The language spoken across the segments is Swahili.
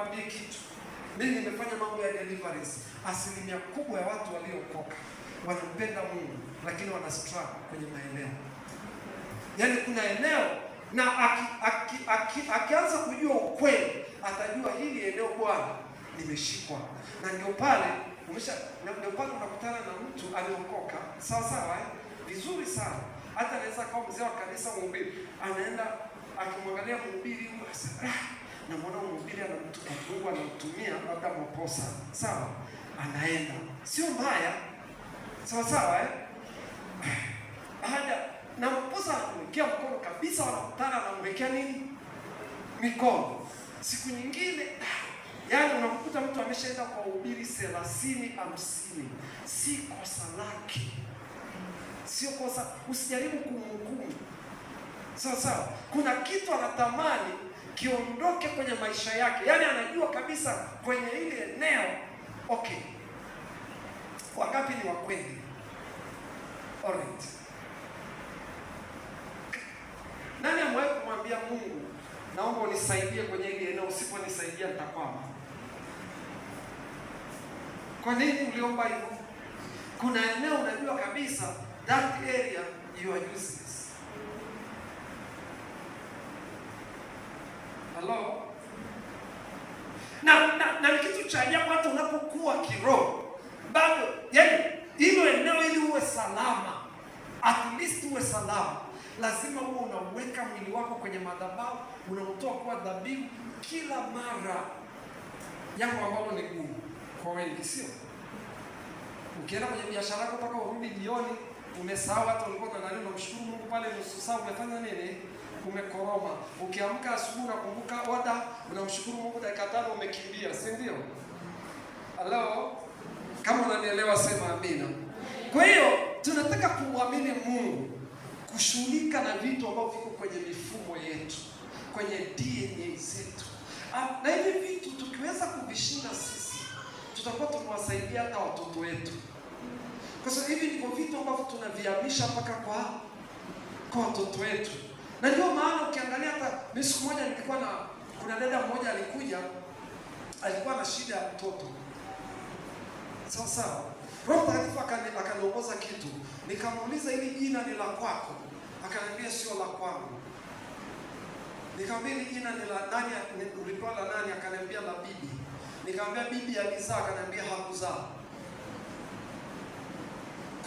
nikwambie kitu, mimi nimefanya mambo ya deliverance. Asilimia kubwa ya watu waliokoka wanampenda Mungu, lakini wana struggle kwenye maeneo. Yaani kuna eneo na akianza aki, aki, aki kujua ukweli atajua hili eneo, Bwana nimeshikwa. Na ndio pale umesha, ndio pale unakutana na mtu aliokoka sawa sawa, eh, vizuri sana hata anaweza akawa mzee wa kanisa, mhubiri, anaenda akimwangalia mhubiri ah, unamwona mhubiri ana Mungu anamtumia labda maposa sawa, anaenda, sio mbaya, sawa sawa, eh hada na mposa anamwekea mkono kabisa, wanakutana anamwekea nini mikono. Siku nyingine yaani unamkuta mtu ameshaenda kwa uhubiri thelathini hamsini, si kosa lake, sio kosa. Usijaribu kumhukumu sawa sawa. Kuna kitu anatamani kiondoke kwenye maisha yake, yaani anajua kabisa kwenye ile eneo. Okay, wangapi ni wakweli? Alright, nani amewahi kumwambia Mungu, naomba unisaidie kwenye ile eneo, usiponisaidia nitakwama? Kwa nini uliomba hivyo? Kuna eneo unajua kabisa that area you are using Hello? Na, na, na kitu cha ajabu watu unapokuwa kiroho bado, yani hilo eneo ili uwe salama, at least uwe salama, lazima uwe unauweka mwili wako kwenye madhabahu, unautoa kuwa dhabihu kila mara, jambo ambalo ni gumu kwa wengi, sio? Ukienda kwenye biashara yako mpaka urudi jioni umesahau hata ulikuwa unaangalia, unamshukuru Mungu pale nusu saa umefanya nini? Umekoroma. Ukiamka asubuhi unakumbuka oda, unamshukuru Mungu dakika tano umekimbia, si ndio? Hello? Kama unanielewa sema amina. Kwa hiyo tunataka kumwamini Mungu, kushughulika na vitu ambavyo viko kwenye mifumo yetu, kwenye DNA zetu, ah, na hivi vitu tukiweza kuvishinda sisi, tutakuwa tumewasaidia hata watoto wetu. Kwa sababu hivi ndivyo vitu ambavyo tunavihamisha mpaka kwa kwa watoto wetu, na ndio maana ukiangalia hata mimi siku moja nilikuwa na kuna dada mmoja alikuja, alikuwa na shida ya mtoto sawa sawa. Roho Mtakatifu akaniongoza kitu, nikamuuliza hili jina ni la kwako? Akaniambia sio la kwangu. Nikamwambia jina ni la nani? Ulipewa la nani? Akaniambia la bibi. Nikamwambia bibi alizaa? Akaniambia hakuzaa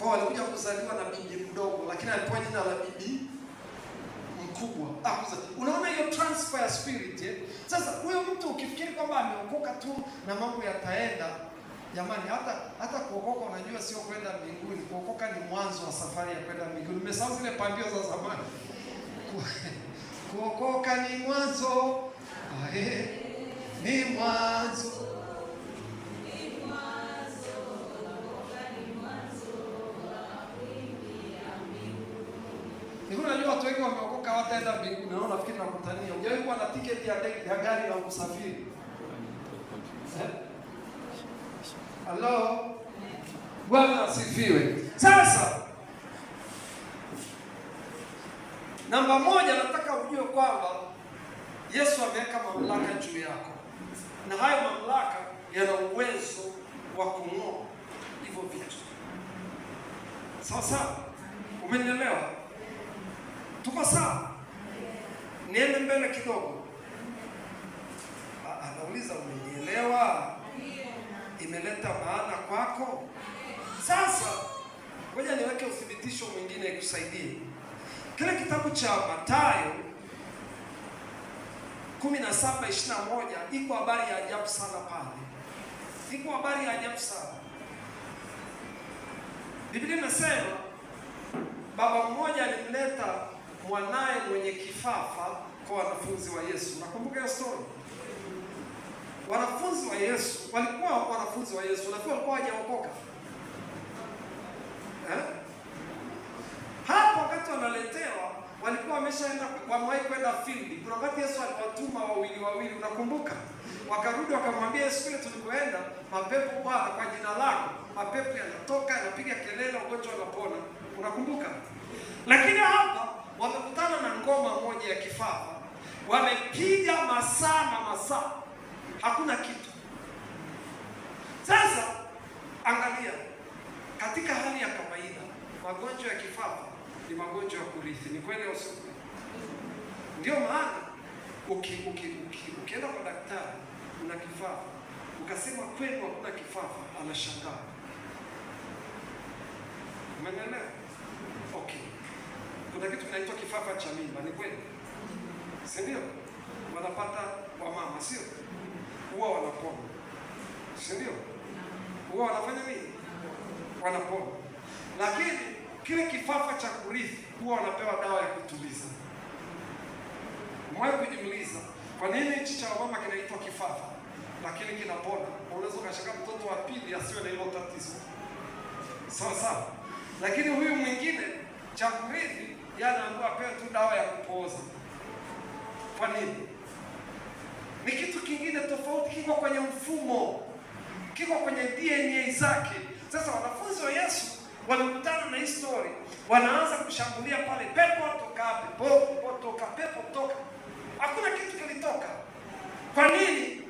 kwao walikuja kuzaliwa na bibi mdogo, lakini alipewa jina la bibi mkubwa. Ah, unaona hiyo transfer ya spirit eh? Sasa huyo mtu ukifikiri kwamba ameokoka tu na mambo yataenda, jamani, hata hata kuokoka unajua sio kwenda mbinguni. Kuokoka ni mwanzo wa safari ya kwenda mbinguni. Umesahau zile pambio za zamani kuokoka ni mwanzo, ni mwanzo Nilikuwa najua watu wengi wameokoka wataenda mbinguni. Naona nafikiri nakutania. Unajua kuwa na tiketi ya ndege ya gari la kusafiri. Eh? Hello. Bwana asifiwe. Sasa namba moja nataka ujue kwamba Yesu ameweka mamlaka juu yako. Na hayo mamlaka yana uwezo wa kung'oa hivyo vitu. Sasa umenielewa? Tuko sawa? Niende mbele kidogo. Ah, anauliza, umenielewa? Imeleta maana kwako? Sasa ngoja niweke uthibitisho mwingine ikusaidie. Kile kitabu cha Mathayo 17:21 iko habari ya ajabu sana pale, iko habari ya ajabu sana. Biblia inasema baba mmoja alimleta mwanaye mwenye kifafa kwa wanafunzi wa Yesu. Nakumbuka hiyo story. Wanafunzi wa Yesu walikuwa wanafunzi wa Yesu, lakini walikuwa hawajaokoka eh? Hapo wakati wanaletewa, walikuwa wameshaenda wamewahi kwenda field. Kuna wakati Yesu aliwatuma wawili wawili, unakumbuka? Wakarudi wakamwambia Yesu, kile tulikoenda mapepo Bwana, kwa jina lako mapepo yanatoka, yanapiga kelele, ugonjwa unapona. Unakumbuka? Lakini hapa wamekutana na ngoma moja ya kifafa, wamepiga masaa na masaa, hakuna kitu. Sasa angalia, katika hali ya kawaida magonjwa ya kifafa ni magonjwa ya kurithi, ni kweli au sio? Ndio maana uki, uki, uki, ukienda kwa daktari una kifafa ukasema kwenu hakuna kifafa, anashangaa. Umeelewa? kuna kitu kinaitwa kifafa cha mimba, ni kweli, si ndio? Wanapata wamama, sio huwa wanapona, si ndio? Huwa wanafanya nini? Wanapona. Lakini kile kifafa cha kurithi huwa wanapewa dawa ya kutuliza. Mwae kujiuliza kwa nini hichi cha wamama kinaitwa kifafa lakini kinapona? Unaweza ukashanga mtoto wa pili asiwe na hilo tatizo, sawa sawa, lakini huyu mwingine cha kurithi jana ambayo apewe tu dawa ya kupooza. Kwa nini? Ni kitu kingine tofauti, kiko kwenye mfumo, kiko kwenye DNA zake. Sasa wanafunzi wa Yesu walikutana na hii story, wanaanza kushambulia pale, pepo toka, pepo toka, pepo toka, hakuna kitu kilitoka. Kwa nini?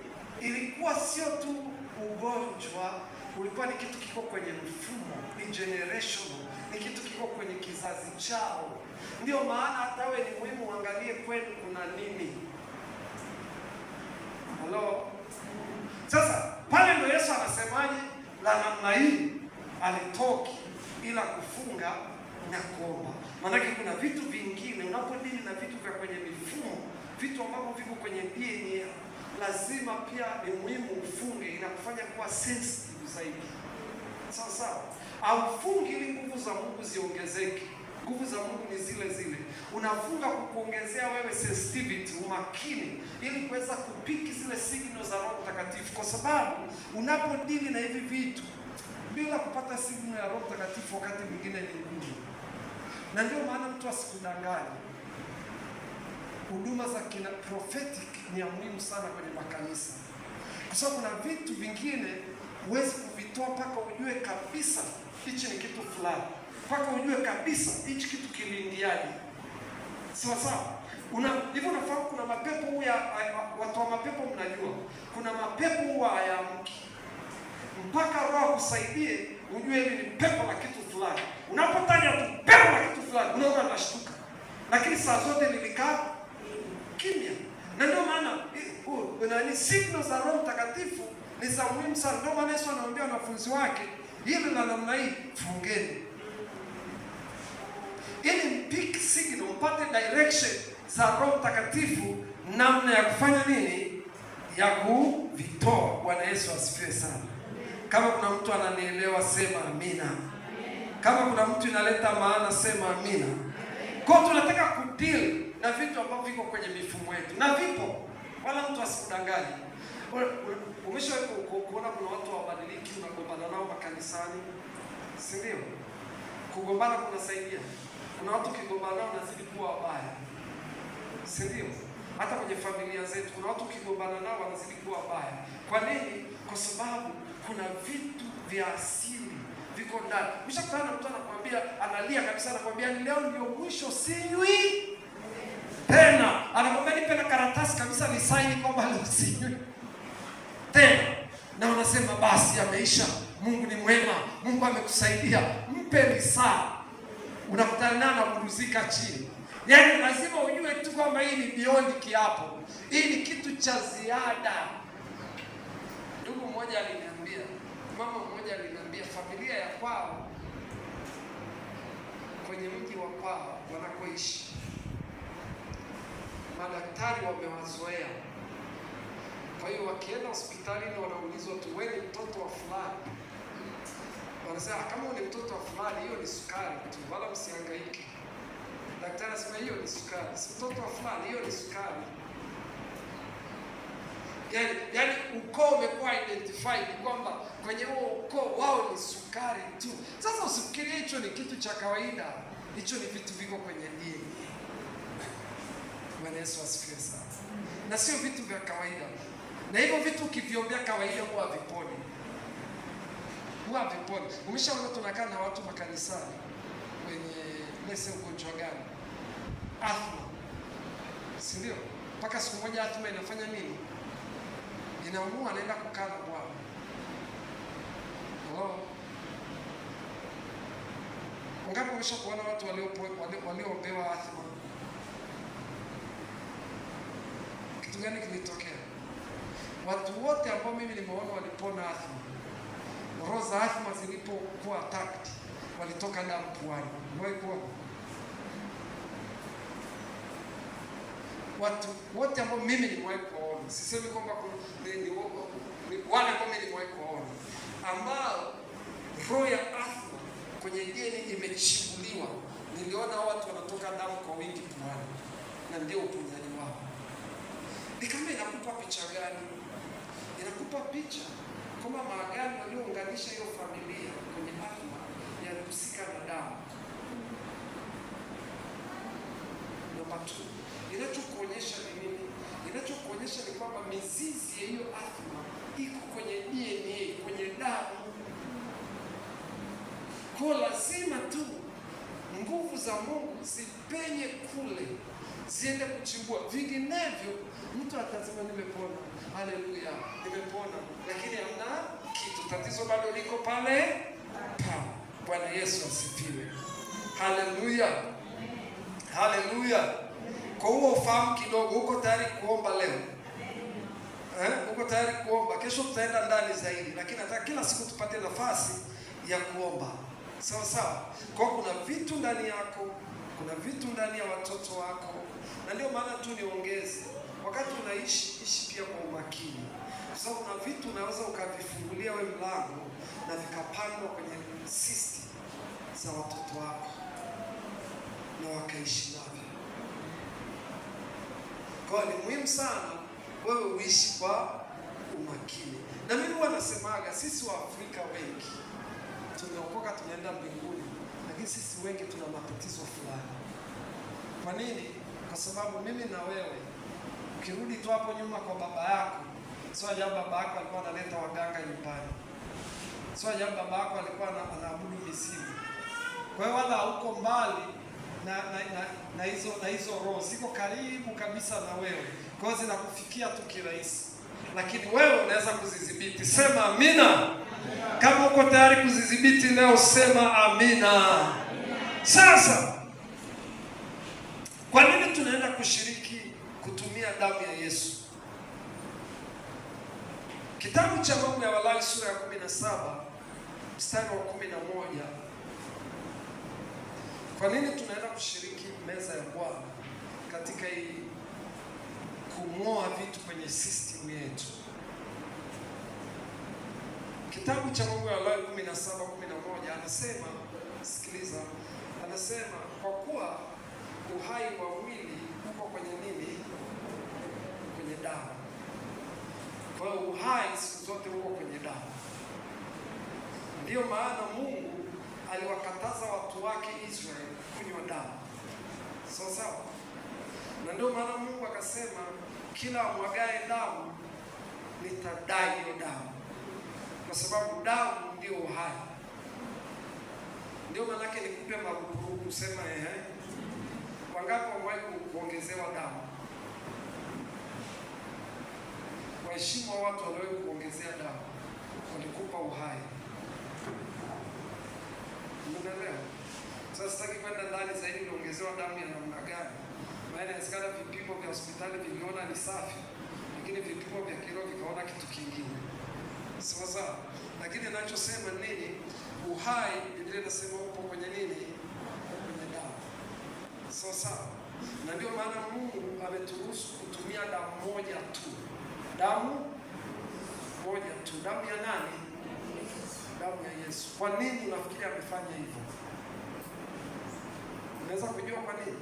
Ilikuwa sio tu ugonjwa ulikuwa ni kitu kiko kwenye mfumo, ni generational, ni kitu kiko kwenye kizazi chao. Ndio maana hata wewe ni muhimu uangalie kwenu kuna nini. Halo, sasa pale ndo Yesu anasemaje? La namna hii alitoki ila kufunga na kuomba. Maanake kuna vitu vingine unapodili na vitu vya kwenye mifumo, vitu ambavyo viko kwenye DNA, lazima pia ni muhimu ufunge, inakufanya kuwa sensitive zaidi, sawa sawa. Aufungi ili nguvu za Mungu ziongezeke. Nguvu za Mungu ni zile zile, unafunga kukuongezea wewe sensitivity, umakini, ili kuweza kupiki zile signal za Roho Mtakatifu, kwa sababu unapodili na hivi vitu bila kupata signal ya Roho Mtakatifu, wakati mwingine ni ngumu, na ndio maana mtu asikudanganye. Huduma za kina prophetic ni ya muhimu sana kwenye makanisa, kwa sababu kuna vitu vingine huwezi kuvitoa mpaka ujue kabisa hichi ni kitu fulani, mpaka ujue kabisa hichi kitu kilindiaje. Sawa sawa, una hivyo. Unafahamu kuna mapepo huwa, watu wa mapepo mnajua kuna mapepo huwa hayamki mpaka roho akusaidie ujue hili ni pepo la kitu fulani. Unapotaja tu pepo la kitu fulani, unaona anashtuka, lakini saa zote nilikaa kimya, na ndio maana eh, oh, nani, signals za Roho Mtakatifu ni za muhimu sana. Ndio maana Yesu anawaambia wanafunzi wake hili na namna hii, fungeni ili mpike signal, mpate direction za Roho Mtakatifu, namna ya kufanya nini, ya kuvitoa. Bwana Yesu asifiwe sana. Kama kuna mtu ananielewa sema amina. Kama kuna mtu inaleta maana sema amina. Kwa tunataka kudeal na vitu ambavyo viko kwenye mifumo yetu na vipo, wala mtu asikudanganye. Umeshawahi kuona kuna watu wabadiliki unagombana nao makanisani, si ndio? Kugombana kunasaidia. Kuna watu ukigombana nao unazidi kuwa wabaya, si ndio? Hata kwenye familia zetu kuna watu ukigombana nao wanazidi kuwa wabaya. Kwa nini? Kwa sababu kuna vitu vya asili viko ndani. Umeshakutana mtu anakwambia, analia kabisa, anakwambia ni leo ndio mwisho, sinywi tena, anakwambia nipe na karatasi kabisa saini kwamba leo sinywi tena, na unasema basi, ameisha. Mungu ni mwema, Mungu amekusaidia, mpe risaa. Unakutana nao kuruzika chini. Yaani lazima ujue tu kwamba hii ni beyond kiapo, hii ni kitu cha ziada. Ndugu mmoja aliniambia, mama mmoja aliniambia, familia ya kwao kwenye mji wa kwao wanakoishi, madaktari wamewazoea kwa hiyo wakienda hospitali na wanaulizwa tu, wewe ni mtoto wa fulani, wanasema kama ni mtoto wa fulani, hiyo ni sukari tu, wala msihangaike. Daktari anasema hiyo ni sukari, si mtoto wa fulani, hiyo ni sukari. Yani, yani ukoo umekuwa identified kwamba kwenye huo ukoo wao ni sukari tu. Sasa usifikirie hicho ni kitu cha kawaida, hicho ni vitu viko kwenye dini. Bwana Yesu asifiwe sana, na sio vitu vya kawaida na hivyo vitu ukiviombea kawaida huwa viponi, huwa haviponi. Umeshaona tunakaa na watu makanisani wenye lese ugonjwa gani? Athma, si ndio? Mpaka siku moja athma inafanya nini? Inaumua, anaenda kukaa na Bwana. Hello, ungapi umesha kuona watu walioombewa athma? Kitu gani kilitokea? watu wote ambao mimi nimeona walipona athma, roho za asthma zilipokuwa attacked walitoka damu puani. Umewahi watu wote ambao mimi nimewahi kuona, sisemi kwamba wale ambao mimi nimewahi kuona ambao roho ya athma kwenye jeni imechimbuliwa, niliona watu wanatoka damu kwa wingi puani, na ndio uponyaji wao. Ni kama inakupa picha gani? inakupa picha kama maagano yaliyounganisha hiyo familia kwenye hatima yalihusika na damu. Namba inachokuonyesha ni nini? Inachokuonyesha ni kwamba mizizi ya hiyo hatima iko kwenye DNA, kwenye damu. Kwa lazima tu nguvu za Mungu zipenye kule ziende kuchimbua, vinginevyo mtu atasema nimepona, haleluya, nimepona, lakini hamna kitu, tatizo bado liko pale pale. Bwana Yesu asifiwe, haleluya, haleluya. Kwa huo ufahamu kidogo, uko tayari kuomba leo eh? Uko tayari kuomba kesho, tutaenda ndani zaidi, lakini nataka kila siku tupate nafasi ya kuomba, sawa sawa. Kwa kuna vitu ndani yako, kuna vitu ndani ya watoto wako na ndio maana tu niongeze, wakati unaishi ishi pia kwa umakini, kwa sababu kuna vitu unaweza ukavifungulia we mlango na vikapandwa kwenye sisti za watoto wako na wakaishi navyo. Kwa ni muhimu sana wewe uishi kwa umakini, na mimi huwa nasemaga sisi Waafrika wengi tumeokoka tunaenda mbinguni, lakini sisi wengi tuna matatizo fulani. Kwa nini? kwa sababu mimi na wewe ukirudi tu hapo nyuma kwa baba yako, sio ajabu baba yako alikuwa analeta waganga nyumbani, sio ajabu baba yako alikuwa anaabudu misimu. Kwa hiyo wala hauko mbali na na, na, na hizo na hizo roho ziko karibu kabisa na wewe, kwa hiyo zinakufikia tu kirahisi, lakini wewe unaweza kuzidhibiti. Sema amina. Kama uko tayari kuzidhibiti leo, sema amina. Sasa Yesu. Kitabu cha Mambo ya Walawi sura ya 17 mstari wa 11. Kwa nini tunaenda kushiriki meza ya Bwana katika hii kung'oa vitu kwenye system yetu? Kitabu cha Mambo ya Walawi 17:11 anasema, sikiliza, anasema kwa kuwa uhai wa mwili uko kwenye nini? kwenye damu. Kwa hiyo uhai siku zote huko kwenye damu. Ndiyo maana Mungu aliwakataza watu wake Israeli kunywa damu, sawa sawa, na ndio maana Mungu akasema kila mwagae damu nitadai hiyo damu, kwa sababu damu ndio uhai. Ndio maanake nikupe marupurupu, sema ehe, wangapi wamewahi kuongezewa damu? kuwaheshimu watu waliowahi kuongezea damu, walikupa uhai. Mnaelewa? Sasa sitaki kwenda ndani zaidi, niongezewa damu ya namna gani, maana askara vipimo vya hospitali viliona ni safi, lakini vipimo vya kiroho vikaona kitu kingine, sawa sawa. Lakini ninachosema nini? Uhai, Biblia inasema upo kwenye nini? kwenye damu, sawa sawa. Na ndio maana Mungu ameturuhusu kutumia damu moja tu damu moja tu, damu ya nani? Damu ya Yesu. Kwa nini unafikiria amefanya hivyo? Unaweza kujua kwa nini?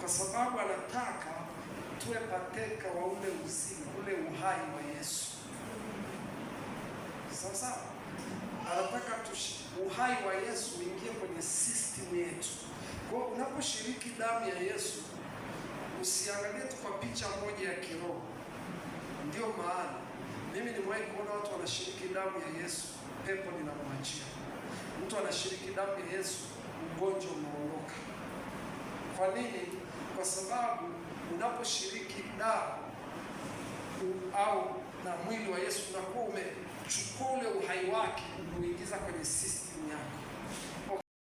Kwa sababu anataka tuwe pateka wa ule uzima, ule uhai wa Yesu. Sasa anataka uhai wa Yesu uingie kwenye system yetu. Kwa unaposhiriki damu ya Yesu, usiangalie tu kwa picha moja ya kiroho Ndiyo maana mimi nimewahi kuona watu wanashiriki damu ya Yesu, pepo ninamwachia. mtu. Anashiriki damu ya Yesu, ugonjwa unaondoka. Kwa nini? Kwa sababu unaposhiriki damu au na mwili wa Yesu unakuwa umechukua ule uhai wake kuuingiza kwenye system yako.